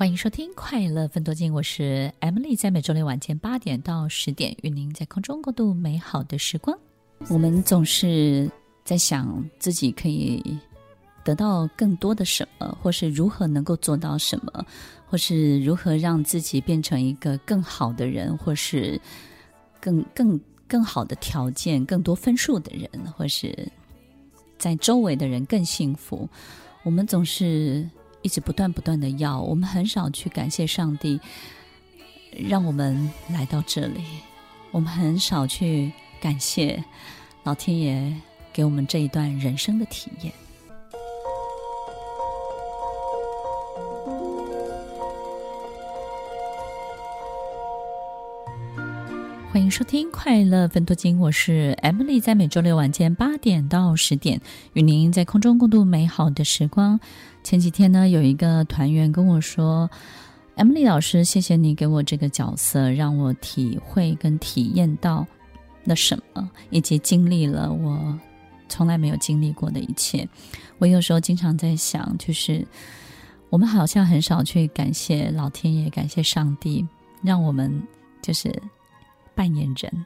歡迎收聽《快樂分多金》，我是 Emily，在每週六晚間八點到十點，與您在空中共度美好的時光。我們總是在想自己可以得到更多的什麼，或是如何能夠做到什麼，或是如何讓自己變成一個更好的人，或是更更更好的條件、更多分數的人，或是在周圍的人更幸福。我們總是。一直不斷不斷的要，我們很少去感謝上帝，讓我們來到這裡，我們很少去感謝老天爺給我們這一段人生的體驗。歡迎收聽《快樂分多金》，我是 Emily，在每週六晚間八點到十點，與您在空中共度美好的時光。前幾天呢，有一個團員跟我說：“Emily 老師，謝謝你給我這個角色，讓我體會跟體驗到那什麼，以及經歷了我從來沒有經歷過的一切。”我有時候經常在想，就是我們好像很少去感謝老天爺、感謝上帝，讓我們就是。扮演人，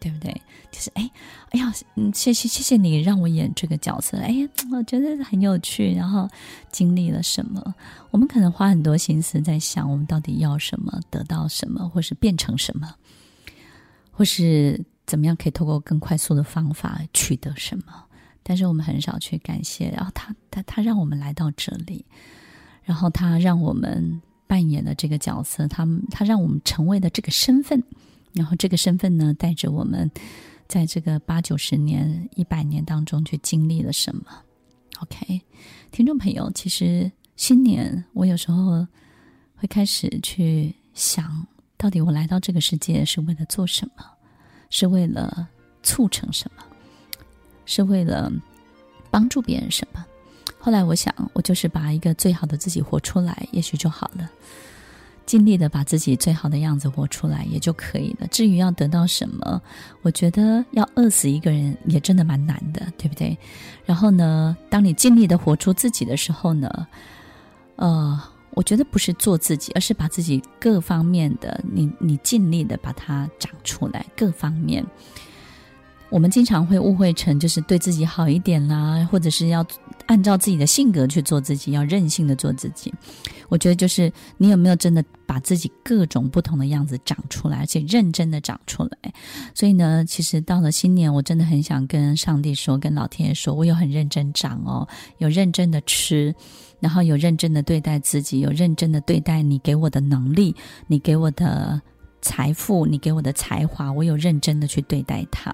對不對？就是哎，哎呀，謝謝謝謝你讓我演這個角色。哎，我覺得很有趣。然後經歷了什麼？我們可能花很多心思在想，我們到底要什麼，得到什麼，或是變成什麼，或是怎麼樣可以透過更快速的方法取得什麼？但是我們很少去感謝。然後他他他讓我們來到這裡，然後他讓我們扮演了這個角色，他他讓我們成為了這個身份。然後這個身份呢，帶着我們，在這個八九十年、一百年當中去經歷了什麼？OK，聽眾朋友，其實新年我有時候會開始去想，到底我來到這個世界是為了做什麼？是為了促成什麼？是為了幫助別人什麼？後來我想，我就是把一個最好的自己活出來，也許就好了。盡力的把自己最好的樣子活出來也就可以了。至於要得到什麼，我覺得要餓死一個人也真的蠻難的，對不對？然後呢，當你盡力的活出自己的時候呢，呃，我覺得不是做自己，而是把自己各方面的你，你盡力的把它長出來，各方面。我們經常會誤會成就是對自己好一點啦，或者是要按照自己的性格去做自己，要任性的做自己。我覺得就是你有沒有真的把自己各種不同的樣子長出來，而且認真的長出來。所以呢，其實到了新年，我真的很想跟上帝說，跟老天爺說，我有很認真長哦，有認真的吃，然後有認真的對待自己，有認真的對待你給我的能力，你給我的財富，你給我的才華，我有認真的去對待它。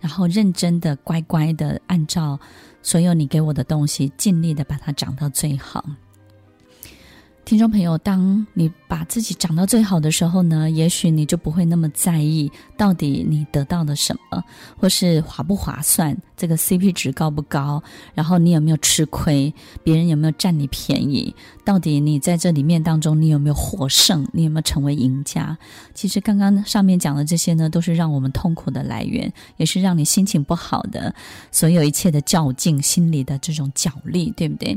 然後認真的、乖乖的按照所有你給我的東西，盡力的把它長到最好。聽眾朋友，當你把自己長到最好的時候呢，也許你就不會那麼在意到底你得到了什麼，或是划不划算，這個 CP 值高不高，然後你有沒有吃虧，別人有沒有占你便宜，到底你在這裡面當中你有沒有獲勝，你有沒有成為贏家？其實剛剛上面講的這些呢，都是讓我們痛苦的來源，也是讓你心情不好的所有一切的較勁，心裡的這種角力，對不對？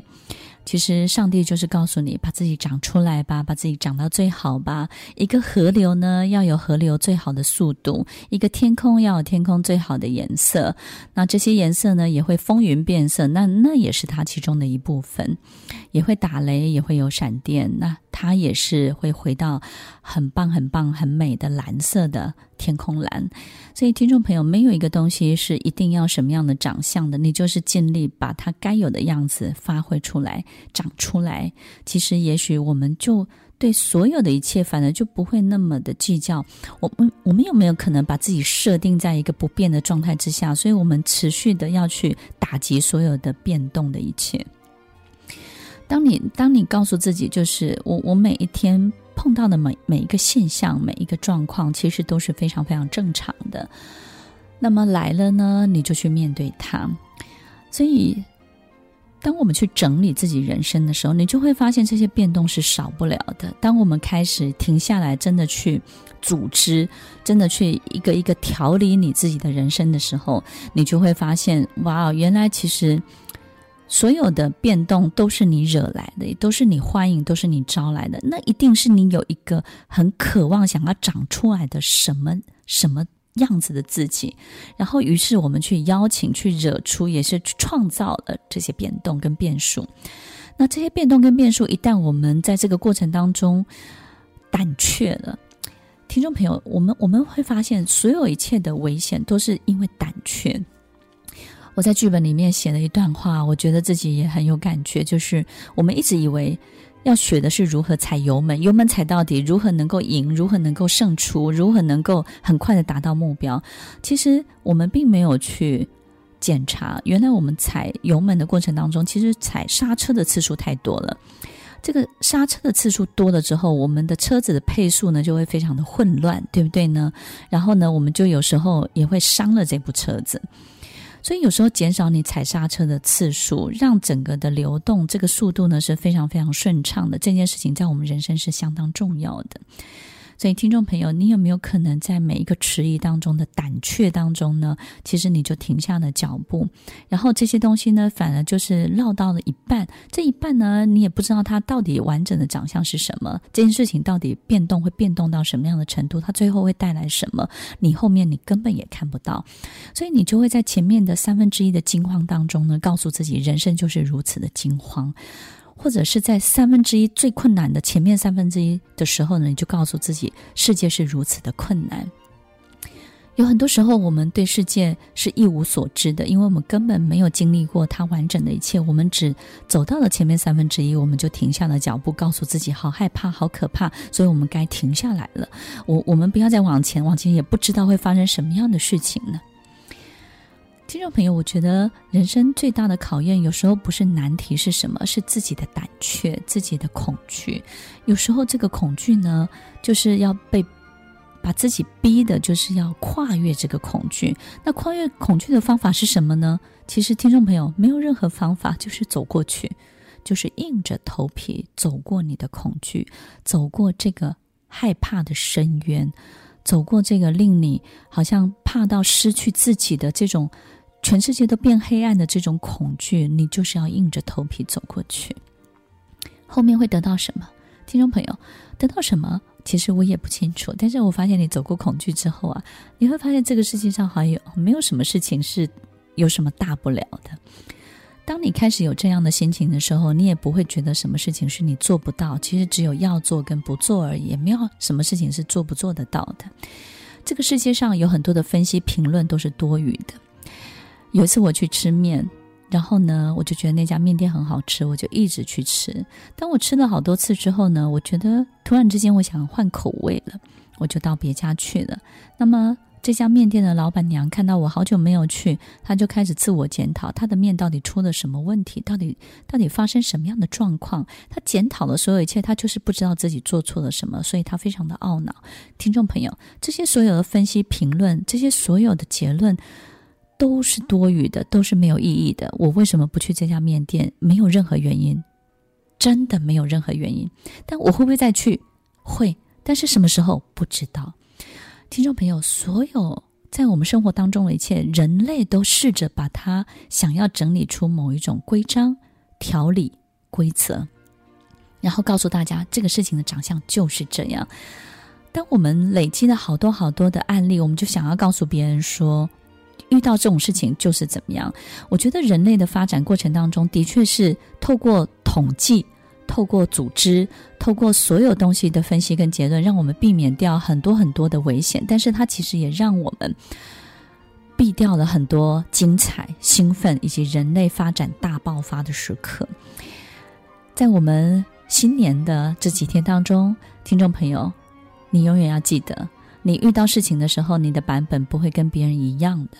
其實，上帝就是告訴你，把自己長出來吧，把自己長到最好吧。一個河流呢，要有河流最好的速度；一個天空要有天空最好的顏色。那這些顏色呢，也會風雲變色，那那也是它其中的一部分。也會打雷，也會有閃電，那它也是會回到很棒、很棒、很美的藍色的天空藍。所以，聽眾朋友，沒有一個東西是一定要什麼樣的長相的，你就是盡力把它該有的樣子發揮出來。長出來，其實也許我們就對所有的一切，反而就不會那麼的計較。我們我們有沒有可能把自己設定在一個不變的狀態之下？所以，我們持續的要去打擊所有的變動的一切。當你當你告訴自己，就是我我每一天碰到的每每一個現象，每一個狀況，其實都是非常非常正常的。那麼來了呢，你就去面對它。所以。當我們去整理自己人生的時候，你就會發現這些變動是少不了的。當我們開始停下來，真的去組織，真的去一個一個調理你自己的人生的時候，你就會發現，哇，原來其實所有的變動都是你惹來的，都是你歡迎，都是你招來的。那一定是你有一個很渴望想要長出來的什麼什麼樣子的自己，然後於是我們去邀請、去惹出，也是去創造了這些變動跟變數。那這些變動跟變數，一旦我們在這個過程當中膽怯了，聽眾朋友，我們我們會發現，所有一切的危險都是因為膽怯。我在劇本裡面寫了一段話，我覺得自己也很有感覺，就是我們一直以為。要學的是如何踩油門，油門踩到底，如何能夠贏，如何能夠勝出，如何能夠很快地達到目標。其實我們並沒有去檢查，原來我們踩油門的過程當中，其實踩剎車的次數太多了。這個剎車的次數多了之後，我們的車子的配速呢就會非常的混亂，對不對呢？然後呢，我們就有時候也會傷了這部車子。所以有時候減少你踩剎車的次數，讓整個的流動這個速度呢是非常非常順暢的。這件事情在我們人生是相當重要的。所以，聽眾朋友，你有沒有可能在每一個遲疑當中的膽怯當中呢？其實你就停下了腳步，然後這些東西呢，反而就是繞到了一半。這一半呢，你也不知道它到底完整的長相是什麼，這件事情到底變動會變動到什麼樣的程度，它最後會帶來什麼，你後面你根本也看不到。所以你就會在前面的三分之一的驚慌當中呢，告訴自己，人生就是如此的驚慌。或者是在三分之一最困難的前面三分之一的時候呢，你就告訴自己，世界是如此的困難。有很多時候，我們對世界是一無所知的，因為我們根本沒有經歷過它完整的一切。我們只走到了前面三分之一，我們就停下了腳步，告訴自己，好害怕，好可怕，所以我們該停下來了。我，我們不要再往前往前，也不知道會發生什麼樣的事情呢。聽眾朋友，我覺得人生最大的考驗，有時候不是難題是什麼？是自己的膽怯，自己的恐懼。有時候這個恐懼呢，就是要被把自己逼的，就是要跨越這個恐懼。那跨越恐懼的方法是什麼呢？其實聽眾朋友沒有任何方法，就是走過去，就是硬着頭皮走過你的恐懼，走過這個害怕的深淵，走過這個令你好像怕到失去自己的這種。全世界都變黑暗的這種恐懼，你就是要硬着頭皮走過去。後面會得到什麼？聽眾朋友，得到什麼？其實我也不清楚。但是我發現你走過恐懼之後啊，你會發現這個世界上好像有沒有什麼事情是有什麼大不了的。當你開始有這樣的心情的時候，你也不會覺得什麼事情是你做不到。其實只有要做跟不做而已，沒有什麼事情是做不做得到的。這個世界上有很多的分析評論都是多餘的。有一次我去吃麵，然後呢，我就覺得那家麵店很好吃，我就一直去吃。當我吃了好多次之後呢，我覺得突然之間我想換口味了，我就到別家去了。那麼這家麵店的老闆娘看到我好久沒有去，她就開始自我檢討，她的麵到底出了什麼問題？到底到底發生什麼樣的狀況？她檢討了所有一切，她就是不知道自己做錯了什麼，所以她非常的懊惱。聽眾朋友，這些所有的分析評論，這些所有的結論。都是多餘的，都是沒有意義的。我為什麼不去這家麵店？沒有任何原因，真的沒有任何原因。但我會不會再去？會，但是什麼時候？不知道。聽眾朋友，所有在我們生活當中的一切，人類都試着把它想要整理出某一種規章、條理、規則，然後告訴大家這個事情的長相就是這樣。當我們累積了好多好多的案例，我們就想要告訴別人說。遇到這種事情就是怎麼樣？我覺得人類的發展過程當中的確是透過統計、透過組織、透過所有東西的分析跟結論，讓我們避免掉很多很多的危險。但是它其實也讓我們避掉了很多精彩、興奮以及人類發展大爆發的時刻。在我們新年的這幾天當中，聽眾朋友，你永遠要記得，你遇到事情的時候，你的版本不會跟別人一樣的，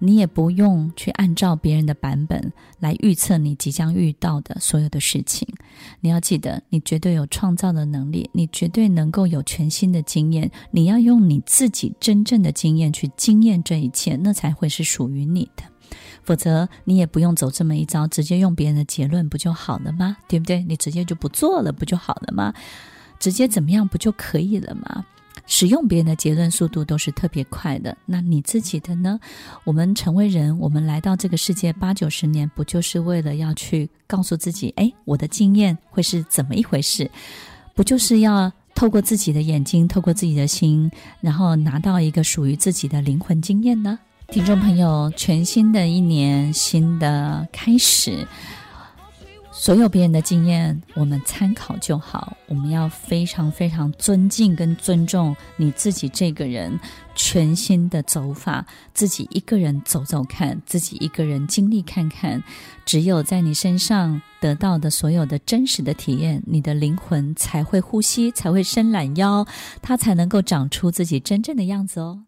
你也不用去按照別人的版本來預測你即將遇到的所有的事情。你要記得，你絕對有創造的能力，你絕對能夠有全新的經驗。你要用你自己真正的經驗去經驗這一切，那才會是屬於你的。否則，你也不用走這麼一遭，直接用別人的結論不就好了嗎？對不對？你直接就不做了不就好了嗎？直接怎麼樣不就可以了嗎？使用別人的結論速度都是特別快的，那你自己的呢？我們成為人，我們來到這個世界八九十年，不就是為了要去告訴自己，誒，我的經驗會是怎麼一回事？不就是要透過自己的眼睛，透過自己的心，然後拿到一個屬於自己的靈魂經驗呢？聽眾朋友，全新的一年，新的開始。所有別人的經驗，我們參考就好。我們要非常非常尊敬跟尊重你自己這個人，全新的走法，自己一個人走走看，自己一個人經歷看看。只有在你身上得到的所有的真實的體驗，你的靈魂才會呼吸，才會伸懶腰，它才能夠長出自己真正的樣子哦。